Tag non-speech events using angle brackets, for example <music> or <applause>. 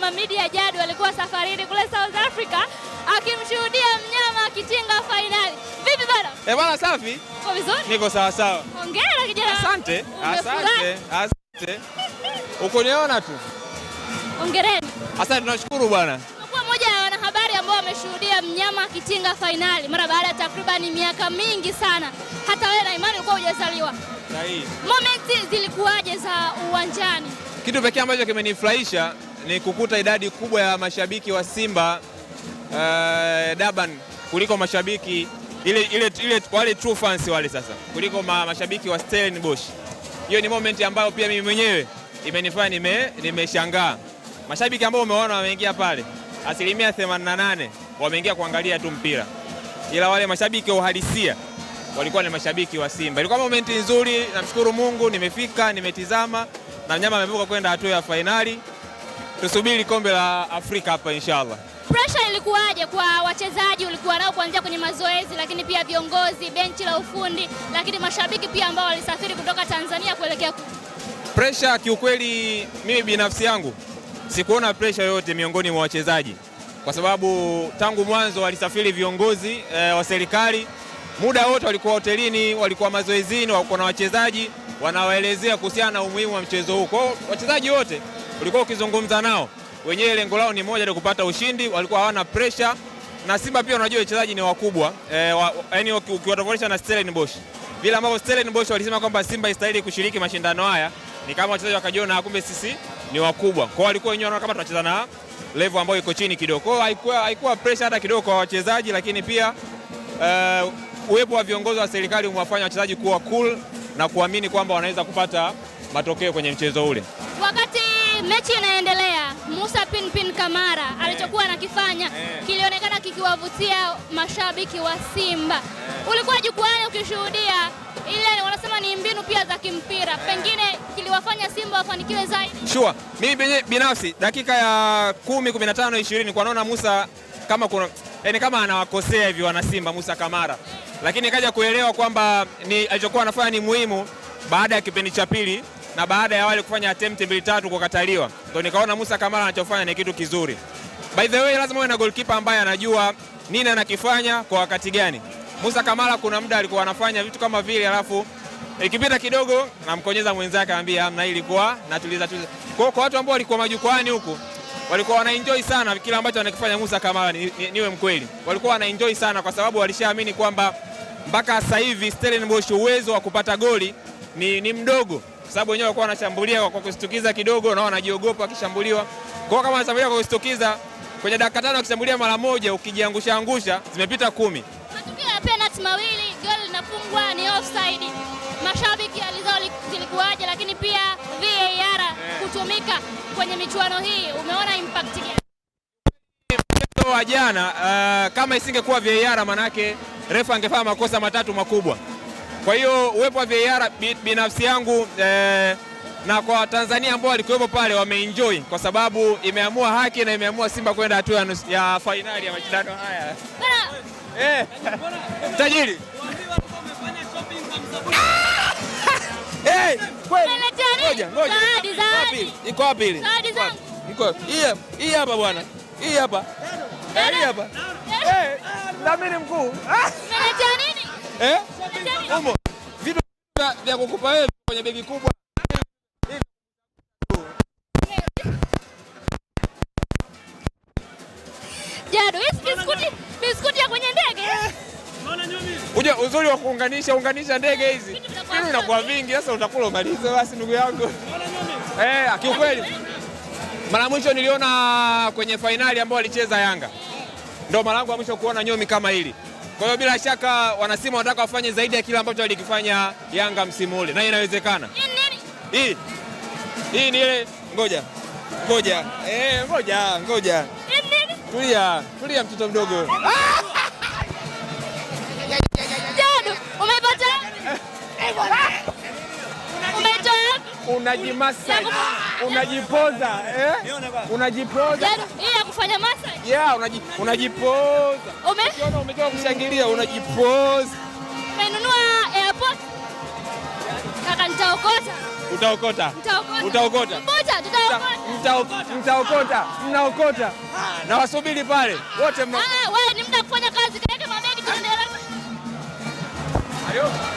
Mamidi ya Jadu alikuwa safarini kule South Africa akimshuhudia mnyama akitinga fainali. Vipi bwana? Eh bwana, safi. Uko vizuri? Niko sawa sawa. Hongera kijana. Asante. Asante. Asante. Ukuniona tu. Hongereni. Asante, tunashukuru bwana. Umekuwa mmoja wa wanahabari ambao wameshuhudia mnyama akitinga fainali mara baada ya takriban miaka mingi sana. Hata wewe na imani ulikuwa hujazaliwa. Sahihi. Momenti zilikuwaje za uwanjani? Kitu pekee ambacho kimenifurahisha ni kukuta idadi kubwa ya mashabiki wa Simba uh, Durban kuliko mashabiki ile, ile, ile, wale true fans wale sasa kuliko ma, mashabiki wa Stellenbosch. Hiyo ni moment ambayo pia mimi mwenyewe imenifanya nimeshangaa mashabiki ambao umeona wameingia pale asilimia 88 wameingia kuangalia tu mpira, ila wale mashabiki wa uhalisia walikuwa ni mashabiki wa Simba. Ilikuwa momenti nzuri, namshukuru Mungu, nimefika nimetizama na mnyama amevuka kwenda hatua ya fainali tusubiri kombe la Afrika hapa inshallah. Pressure ilikuwaje kwa wachezaji ulikuwa nao kuanzia kwenye mazoezi, lakini pia viongozi, benchi la ufundi, lakini mashabiki pia ambao walisafiri kutoka Tanzania kuelekea ku... Pressure kiukweli, mimi binafsi yangu sikuona pressure yoyote miongoni mwa wachezaji kwa sababu tangu mwanzo walisafiri viongozi e, wa serikali muda wote walikuwa hotelini, walikuwa mazoezini, walikuwa na wachezaji wanawaelezea kuhusiana na umuhimu wa mchezo huu. Kwao wachezaji wote ulikuwa ukizungumza nao, wenyewe lengo lao ni moja, ni kupata ushindi, walikuwa hawana pressure na Simba pia unajua wachezaji ni wakubwa yaani, e, wa, ukiwatofautisha na Stellenbosch, vile ambavyo Stellenbosch walisema kwamba Simba istahili kushiriki mashindano haya, ni kama wachezaji wakajiona ah, kumbe sisi ni wakubwa kwao, walikuwa wenyewe wanaona kama tunacheza na level ambayo iko chini kidogo. Kwao haikuwa, haikuwa pressure hata kidogo kwa wachezaji, lakini pia e, uwepo wa viongozi wa serikali umewafanya wachezaji kuwa cool na kuamini kwamba wanaweza kupata matokeo kwenye mchezo ule. Wakati mechi inaendelea, Musa Pinpin Kamara yeah, alichokuwa anakifanya yeah, kilionekana kikiwavutia mashabiki wa Simba yeah. Ulikuwa jukwaani ukishuhudia ile wanasema ni mbinu pia za kimpira, eh. pengine kiliwafanya Simba wafanikiwe zaidi. Sure, mimi binafsi dakika ya 10, 15, 20 kwa naona Musa kama kuna yani eh, kama anawakosea hivi wanasimba Musa Kamara, lakini kaja kuelewa kwamba ni alichokuwa anafanya ni muhimu baada ya kipindi cha pili na baada ya wale kufanya attempt mbili tatu kukataliwa, ndio nikaona Musa Kamara anachofanya ni kitu kizuri. By the way, lazima uwe na goalkeeper ambaye anajua nini anakifanya kwa wakati gani. Musa Kamara kuna muda alikuwa anafanya vitu kama vile, alafu eh, ikipita kidogo namkonyeza mwenzake, anambia hamna, ilikuwa natuliza tuliza. Kwa watu ambao walikuwa majukwani huku walikuwa wanaenjoy sana kile ambacho anakifanya Musa Kamara, ni, ni, niwe mkweli, walikuwa wanaenjoy sana kwa sababu walishaamini kwamba mpaka sasa hivi Stellenbosch uwezo wa kupata goli ni, ni mdogo kwa sababu wenyewe walikuwa wanashambulia kwa kustukiza kidogo na wanajiogopa wakishambuliwa. Kwa hiyo kama wanashambulia kwa kustukiza kwenye dakika tano wakishambulia mara moja, ukijiangusha angusha zimepita kumi. Matukio ya penalti mawili, goli linafungwa ni offside mashabiki zilikuwaje, lakini pia VAR kutumika kwenye michuano hii, umeona impact gani mchezo wa jana? Uh, kama isingekuwa VAR, manake refa angefanya makosa matatu makubwa. Kwa hiyo uwepo wa VAR binafsi yangu eh, na kwa Tanzania ambao walikuwepo pale wameenjoy kwa sababu imeamua haki na imeamua Simba kwenda hatua ya, ya fainali ya mashindano haya. Eh, <laughs> tajiri Iko wapi ile? Hii hapa bwana. Hii hapa. Hii hapa. dhamini mkuu. Eh? Vitu vya kukupa wewe kwenye begi kubwa. Unajua uzuri wa kuunganisha unganisha ndege hizi vitu vinakuwa vingi, sasa utakula umalize basi, ndugu yangu. Eh, kiukweli mara mwisho niliona kwenye fainali ambao walicheza Yanga, ndo mara yangu ya mwisho kuona nyomi kama hili. Kwa hiyo bila shaka wanasimu wanataka wafanye zaidi ya kile ambacho walikifanya Yanga msimu ule, na inawezekana. Hii hii ni ile, ngoja ngoja, eh, ngoja ngoja, tulia tulia, mtoto mdogo ah! Unajimassage, unajipoza, eh? Unajipoza. Hii ya kufanya massage? Yeah, unajipoza. Umeona umetoka kushangilia, unajipoza. Umenunua airport? Kaka nitaokota. Utaokota. Utaokota. Mtaokota. Mnaokota. Na wasubiri pale. Wote mna. Ah, ni muda kufanya kazi, kaeka mabegi tunaendelea. Ayo.